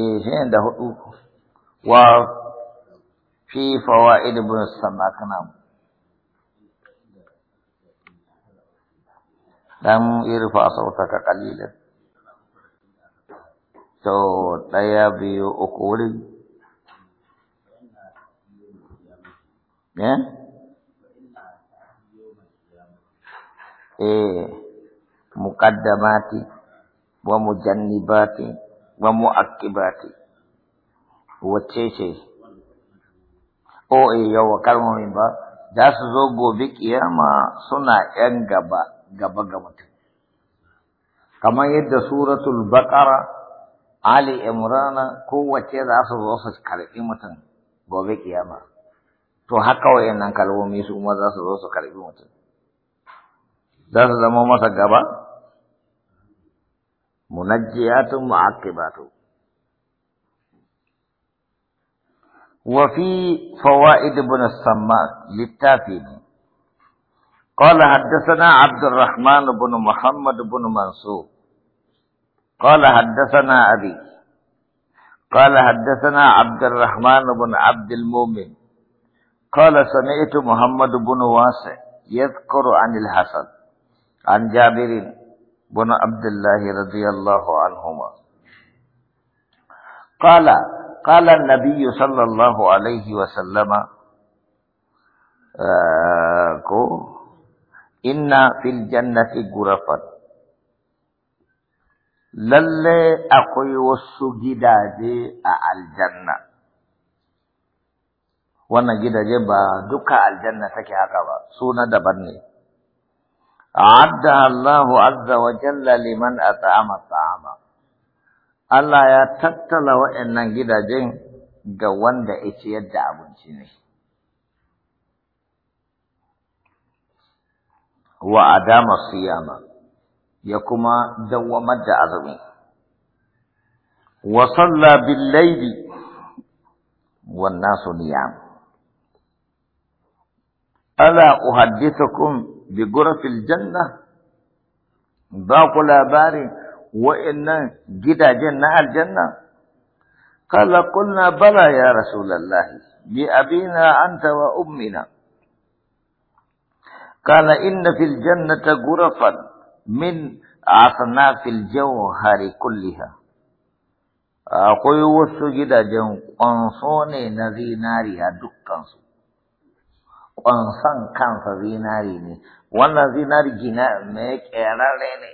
eh shi da hudu wa fi fawaid ibn samakana dan irfa sautaka qalilan to daya biyu uku wurin eh eh muqaddamati wa mujannibati wa mu'aqqibati wa ce o e eh, yawa kalmomin ba za su zo gobe kiyama suna yan gaba gaba ga mutum kamar yadda suratul baqara ali imrana kowace za su zo su karbi mutum gobe kiyama to haka wayannan kalmomi su ma za su zo su karbi mutum za su zama masa gaba منجيات معقبات وفي فوائد بن السماك للتافين قال حدثنا عبد الرحمن بن محمد بن منصور قال حدثنا أبي قال حدثنا عبد الرحمن بن عبد المؤمن قال سمعت محمد بن واسع يذكر عن الحسن عن جابر بن عبد الله رضي الله عنهما قال قال النبي صلى الله عليه وسلم كو ان في الجنه akwai wasu gidaje a aljanna wannan gidaje ba duka aljanna take haka ba suna daban ne Allahu azza wa وجل لمن أطعم الطعام Allah ya tattala waɗannan gidajen ga wanda ya ciyar da abinci ne. Wa adama siyama ya kuma dawwamar da azumi. Wa salla bil laili wan nasu niyam. Ala uhaddithukum بغرف الجنة لا لاباري وإن جدا جنة الجنة قال قلنا بلى يا رسول الله بأبينا أنت وأمنا قال إن في الجنة غرفا من أصناف الجوهر كلها أقول وسجد جن قنصوني نذي na zinariya ƙwansan kansa zinari ne wannan zinari gina mai ƙerarre ne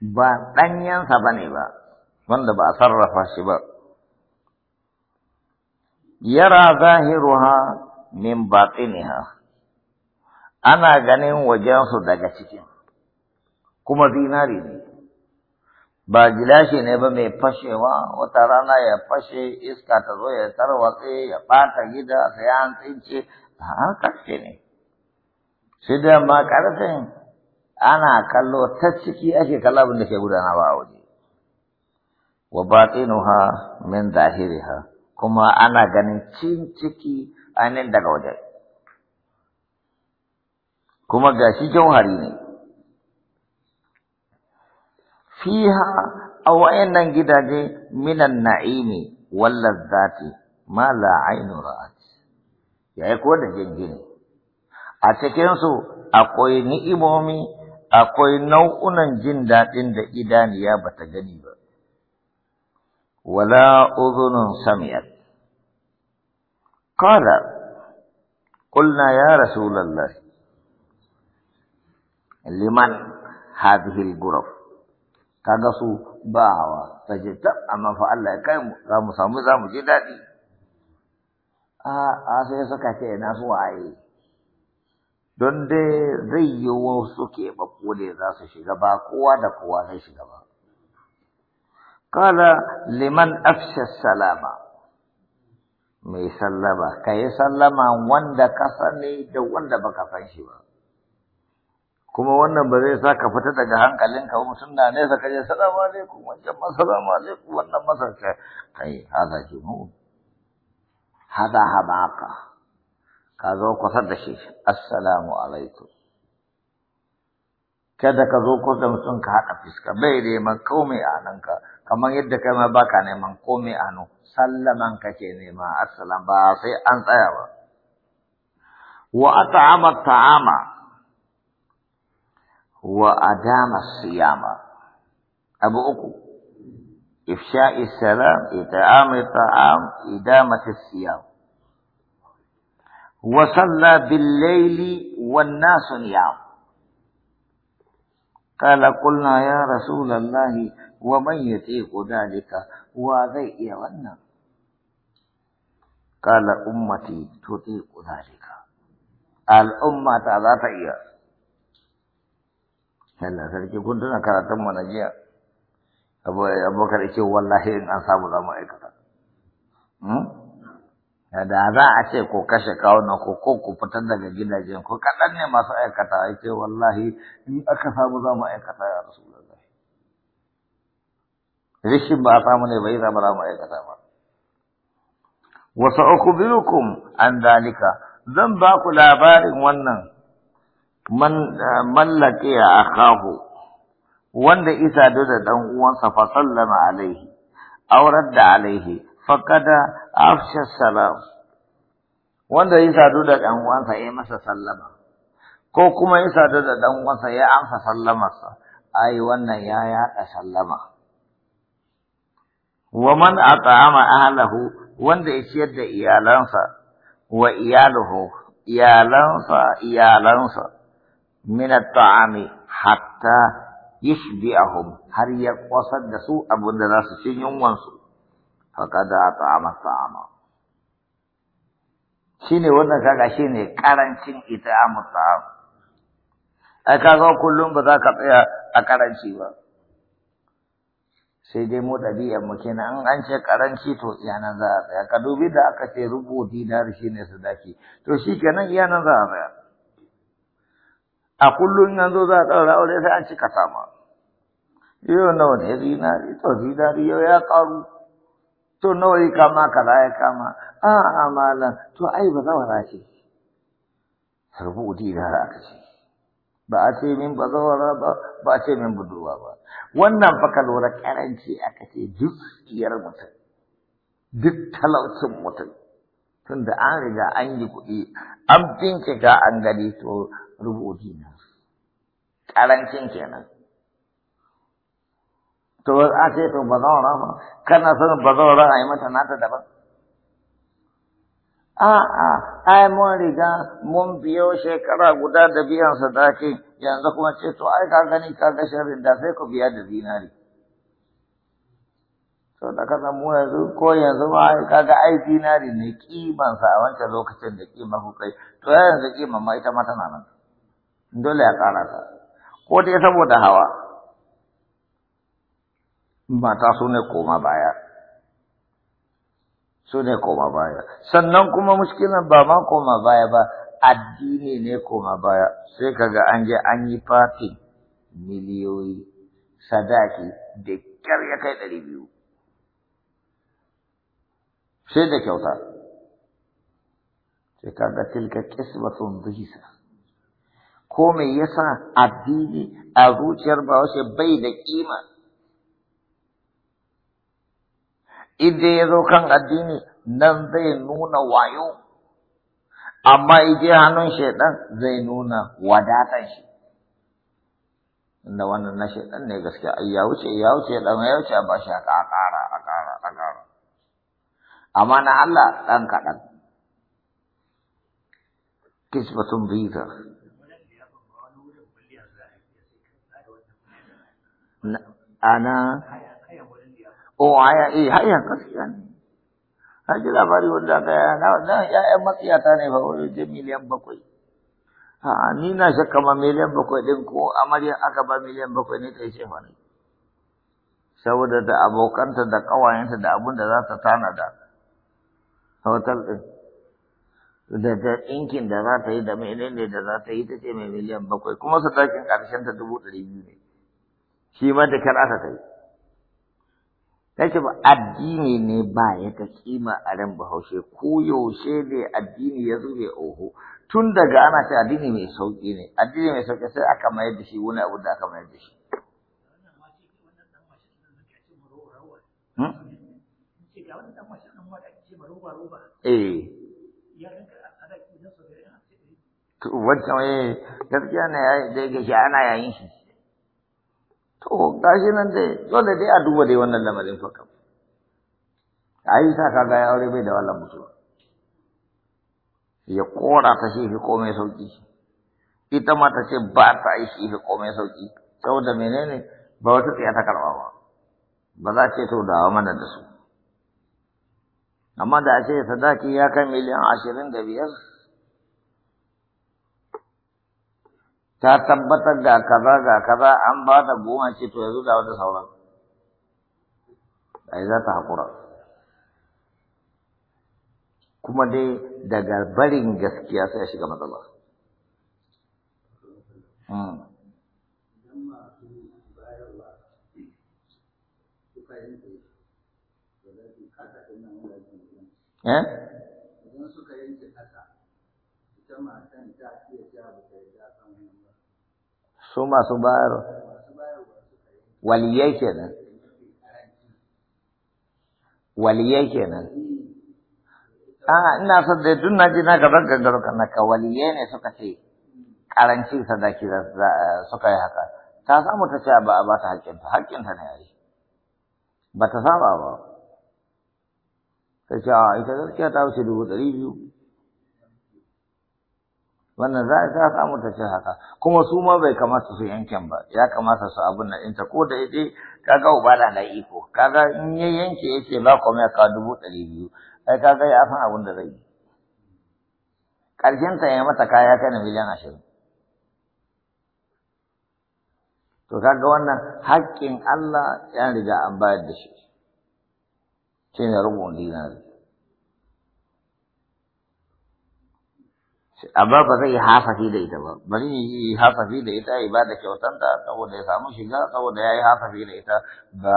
ba ɗanyensa ba ne ba wanda ba a sarrafa shi ba yara zahiruha min ha. ana ganin wajensu daga cikin kuma zinari ne ba gilashi ne ba mai fashewa wata rana ya fashe iska ta zo ya tarwatse ya ɓata gida sai an tsince A'a ah, ƙarfe ne. Sai da ma ƙarfin ana kallo ta ciki ake kalla da ke gudana ba a waje. Wa ha min ha? kuma ana ganin cin ciki ainihin daga waje. Kuma gashi jauhari ne. Fiha a wayannan gidaje minan na'imi wallar zati ma la'ainu ra'at. ya kuwa da jingini a cikinsu akwai ni'imomi akwai nau'unan jin daɗin da idaniya ba ta gani ba wala uzunun samiyar qala qulna ya rasu lallar liman hadhihi al kaga su ba hawa taje ta amma fa Allah ya kai za mu samu za mu ji daɗi a'a sai suka ce na suwaye don dai zai yi wasu ke ne za su shiga ba kowa da kowa zai shiga ba kala liman afsha salama mai sallama ka yi sallama wanda ka sani da wanda baka san shi ba kuma wannan ba zai sa ka fita daga hankalin ka mutum na nesa ka je salamu alaikum wajen ma salamu alaikum wannan masa kai haza ke mu هذا حماقة كذو كثر دشيش السلام عليكم كذا كذو كثر مسون كهات أفيس كبيري من قومي آنن كا كما يد كما باكان من قومي آنو سلم عن كشيني ما السلام باسي أنت يا رب وأطعم الطعام وأدام الصيام أبو أكو إفشاء السلام إطعام الطعام إدامة الصيام وصلى بالليل والناس نيام قال قلنا يا رسول الله ومن يطيق ذلك وذي يغنى قال أمتي تطيق ذلك الأمة تعطيها إياه هلا سلكي كنت نكرتم ونجيه abokar ake wallahi in an samu za mu aikata hmm? da za a ce ko kashe kawunan ko ko ku fitar daga gidajen ko kaɗan ne masu aikata ake wallahi in aka samu za mu aikata ya rasu rishin ba a samu ne bai zama za mu aikata ba wasu ukubirukum an zalika zan ba ku labarin wannan mallake a kahu. wanda isa da dan uwansa fa sallama alaihi aurar da alaihi kada afsha salam wanda ya da da dan uwansa ya masa sallama ko kuma isa da da dan uwansa ya amsa sa, ai wannan ya da sallama wa man at'ama ahlahu wanda ya ciyar da iyalansa wa iyaluhu iyalansa iyalansa min taami hatta yushbi'ahum har ya kwasar da su abin da za su cin yunwansu faqad at'ama ta'ama shine wannan kaga shine karancin ita ta'am ai kaga kullum ba za ka tsaya a karanci ba sai dai mu ɗabi'ar mu kenan an an ce karanci to nan za a tsaya ka dubi da aka ce rubu dinar shine sadaki to shikenan nan za a tsaya a kullum yanzu zo za a ɗaura aure sai an cika sama yau nawa ne zinari to zinari yau ya ƙaru to nawa yi kama kaza ya kama a amalan to ai ba zawara ce uti da aka ce ba a ce min ba bazawara ba ba a ce min budurwa ba wannan fa ka lura karanci aka ce duk iyar mutum duk talaucin mutum tunda an riga an yi kuɗi an bincika an gani to rubu karancin ƙarancin kenan to a ce to ba zan rama kana son ba zan rama yi mata nata daban a'a ai mun riga mun biyo shekara guda da biyan sadaki yanzu kuma ce to ai ka gani ka ga sharrin da sai ku biya da zinari to da ka mu yanzu ko yanzu ma ai ka ga ai zinari ne kiman sa a wancan lokacin da kima ku kai to yanzu kima ma ita ma tana nan dole ya ƙara ta ko dai saboda hawa mata su ne koma baya su ne koma baya sannan kuma muskilan ba ma koma baya ba addini ne koma baya sai kaga an je an yi fati miliyoyi sadaki da kyar ya kai ɗari biyu sai da kyauta sai kaga tilka kisbatun bisa ko me yasa addini a zuciyar bahaushe bai da kima idan ya zo kan addini nan zai nuna wayo amma ije hannun shaidan zai nuna wadatar shi inda wannan na shaidan ne gaskiya ai ya wuce ya wuce dan ya wuce ba shi a ƙara a ƙara a ƙara amma na Allah ɗan kaɗan kisbatun bizar ana o oh, aya eh haya gaskiya ne haji labari wanda aka yi na wannan ƴaƴan matsiyata ne ba wani je miliyan bakwai a ni na shakka ma miliyan bakwai din ko amarya aka ba miliyan bakwai ne ta yi shefa saboda da abokanta da ƙawayenta da abun da za ta tanada hotel ɗin da da ɗinkin da za ta yi da mai menene da za ta yi ta ce mai miliyan bakwai kuma sadakin ƙarshen ta dubu ɗari biyu ne shi ma da kar aka kai ce ba addini ne ba ya ta kima a ran bahaushe ko yaushe ne addini ya zube oho tun daga ana ce addini mai sauki ne addini mai sauki sai aka mayar da shi wani abu da aka mayar da shi hmm? Eh. Wancan eh, gaskiya ne ya ga shi ana yayin shi. To gashi nan dai dole dai a duba dai wannan lamarin fakam. kam. Ai sa kaga ya aure bai da wallan mutuwa. Ya kora ta shi fi komai sauki. Ita ma ta ce ba ta yi shi fi komai sauki. Saboda menene ba wata tsaya ta karɓa ba. Ba za ce to dawo mana da su. Amma da a sadaki ya kai miliyan ashirin da biyar ta tabbatar da kaza ga kaza an ba da goma ce to yanzu ga wata sauran ai za ta haƙura kuma dai daga barin gaskiya sai a shiga matsala hmm. Eh? Idan suka su masu bayar waliyai kenan waliyai kenan a ina son da tun na ji na gabar gangar kana ka waliyai ne suka ce karanci sadaki suka yi haka ta samu ta ce ba a ba ta haƙƙinta ne a yi ba ta saba ba ta ce a ita gaskiya ta wuce dubu ɗari biyu wannan za a samu ta ce haka kuma su ma bai kamata su yanken ba ya kamata su abin nan inta ko da ita kaga uba da na iko kaga in ya yanke ya ba ba komai ka dubu ɗari biyu ai kaga ya san abin da zai yi ƙarshen ta ya mata kaya kana miliyan ashirin to kaga wannan haƙƙin Allah ya riga an bayar da shi shine rubun dinar amma ba zai hafafi da ita ba bari yi hafafi da ita ya bada kyautanta saboda ya samu shiga saboda ya yi hafafi da ita ba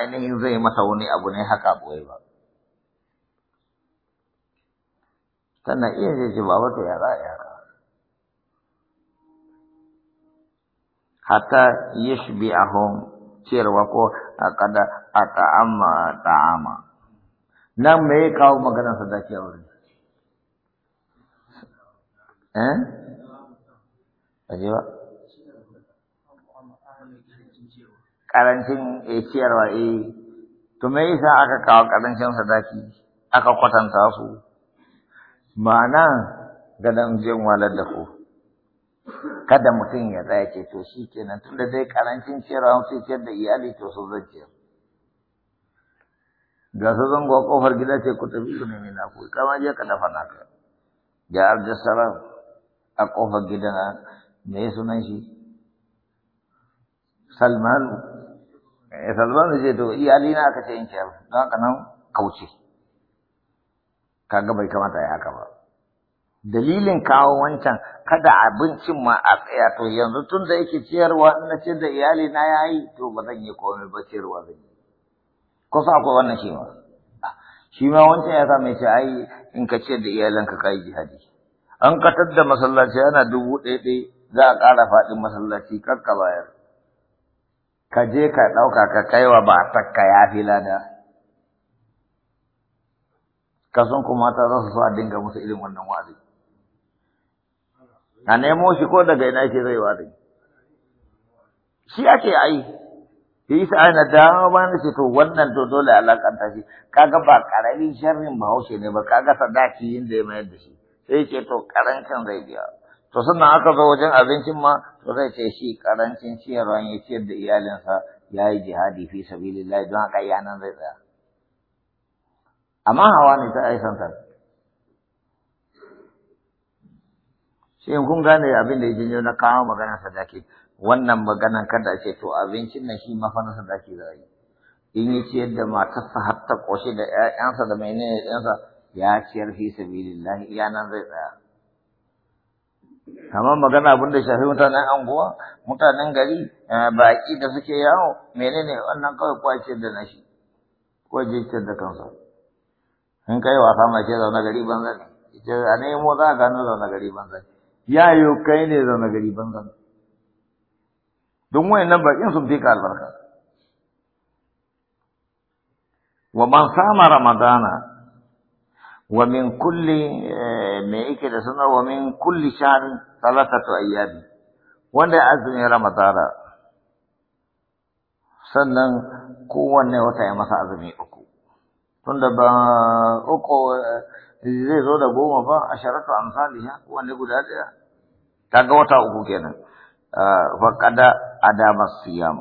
ainihin zai masa wani abu ne haka boye ba tana iya zai ce ba wata yara yara hatta hon ciyarwa ko kada a ta'ama nan me kawo maganar Sadaki a wurin eh aje karancin eh, ciyarwa eh. to me yasa aka kawo karancin sadaki aka kwatanta su ma'ana gadan jin walar da ku kada mutum ya tsaya ce to shi kenan tun da dai karancin ciyarwa sai ciyar da iyali to su zan ga su zango kofar gida ce ku tafi su nemi na ku kama je ka dafa naka ya abdussalam a ƙofar gidan me sunan shi salmanu salmanu ce to iyalina aka ce in ciyar don haka nan kauce ga bai kamata ya haka ba dalilin kawo wancan kada abincin ma a tsaya to yanzu tun da yake ciyarwa na ce da iyali na ya yi to ba zan yi komai ba ciyarwa zan yi ko sa akwai wannan shi ma ah, shi ma wancan ya sa mai ce ai in ka ce da iyalanka ka yi jihadi an katar da masallaci ana dubu ɗaya ɗaya za a ƙara faɗin masallaci kar ka bayar ka je ka ɗauka ka kaiwa ba takka ya fi lada ka san kuma ta za su so a dinga musu irin wannan wa'azi a nemo shi ko daga ina ke zai wa'azi shi ake ai shi yasa na dama ba na ce to wannan to dole alaƙanta shi kaga ba ƙaramin sharrin bahaushe ne ba kaga sadaki yin da ya mayar da shi sai ce to karancin zai biya to sannan aka zo wajen abincin ma to zai ce shi karancin ciyarwa ya ciyar da iyalinsa ya yi jihadi fi sabilillah don haka iyanan zai tsaya amma hawa ne ta aisanta sai kun gane abin da ya janyo na kawo maganar sadaki wannan maganar kada ce to abincin nan shi mafanin sadaki za in yi ciyar da matarsa har ta ƙoshi da 'ya'yansa da menene ɗansa ya ciyar fi sabilillah iya nan zai tsaya amma magana abin da shafi mutanen anguwa mutanen gari eh, baƙi da suke yawo menene wannan kawai kwace da nashi ko jinkir da kansa in kai wasa ma ce zaune gari banza ne ita a nemo za a gano zaune gari banza ne ya yi kai ne zaune gari banza ne don wayannan baƙin sun fi ka albarka wa man sama ramadana ومن كل آه، مائكة سنة ومن كل شهر ثلاثة أيام وانا أزمي رمضان سنة قوة نوتا يا مسا أزمي أكو تندى با أكو زي زودا بوما با أشارك أمثالها وانا قد أدرى تقوتا أكو كينا آه، فقد أدام الصيام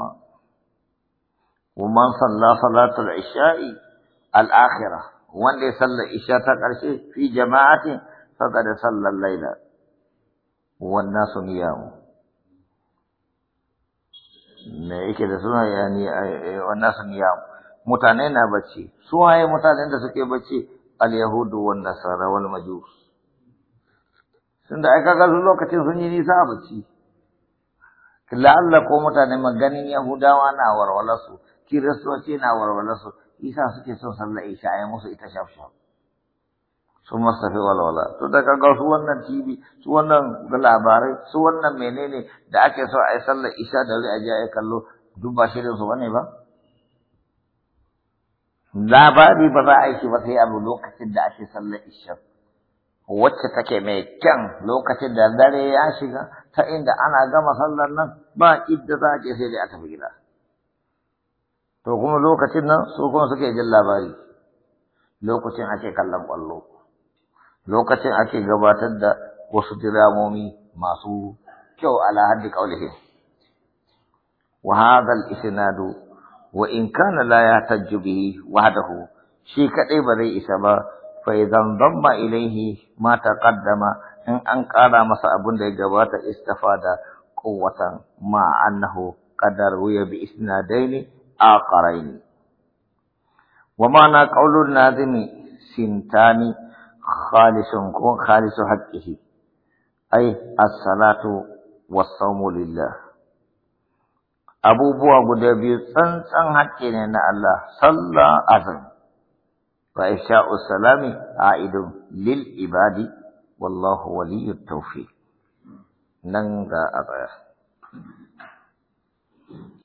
ومن صلى صلاة العشاء الآخرة wanda ya sallar isha ta ƙarshe fi jama'atin da sallar laila wan nasu niyamu me yake da suna yani eh, eh, wan nasu niyamu mutane na bacci su waye mutanen da suke bacci al yahudu wan nasara wal majus tunda ai kaga lokacin sun yi nisa a bacci la'alla ko mutane maganin yahudawa na warwala su kiristoci na warwala su isa suke son sallar isha ya musu ita shafshaf su masafi walwala to da ga su wannan tv su wannan labarai su wannan menene da ake so a yi sallar isha da zai aje a kallo duk ba shirin su bane ba labari ba za a yi shi ba sai abu lokacin da ake sallar isha wacce take mai kyan lokacin da dare ya shiga ta inda ana gama sallar nan ba idda za a sai dai a tafi gida to kuma lokacin nan su kuma suke jin labari lokacin ake kallon ƙwallo lokacin ake gabatar da wasu diramomi masu kyau a Lahadi qaulihim wa hadha al wa in kana la ya tajjubi wahdahu shi kadai ba zai isa ba fa idan damma ilaihi, ma taqaddama in an ƙara masa abin da ya gabata da quwwatan ma annahu qadar wa bi isnadaini آخرين ومعنى قول الناظم سنتان خالص خالص حقه أي الصلاة والصوم لله abubuwa guda biyu tsantsan hakki ne na Allah sallah azan fa isha'u salami a'idun lil ibadi wallahu waliyyut tawfiq nan ga a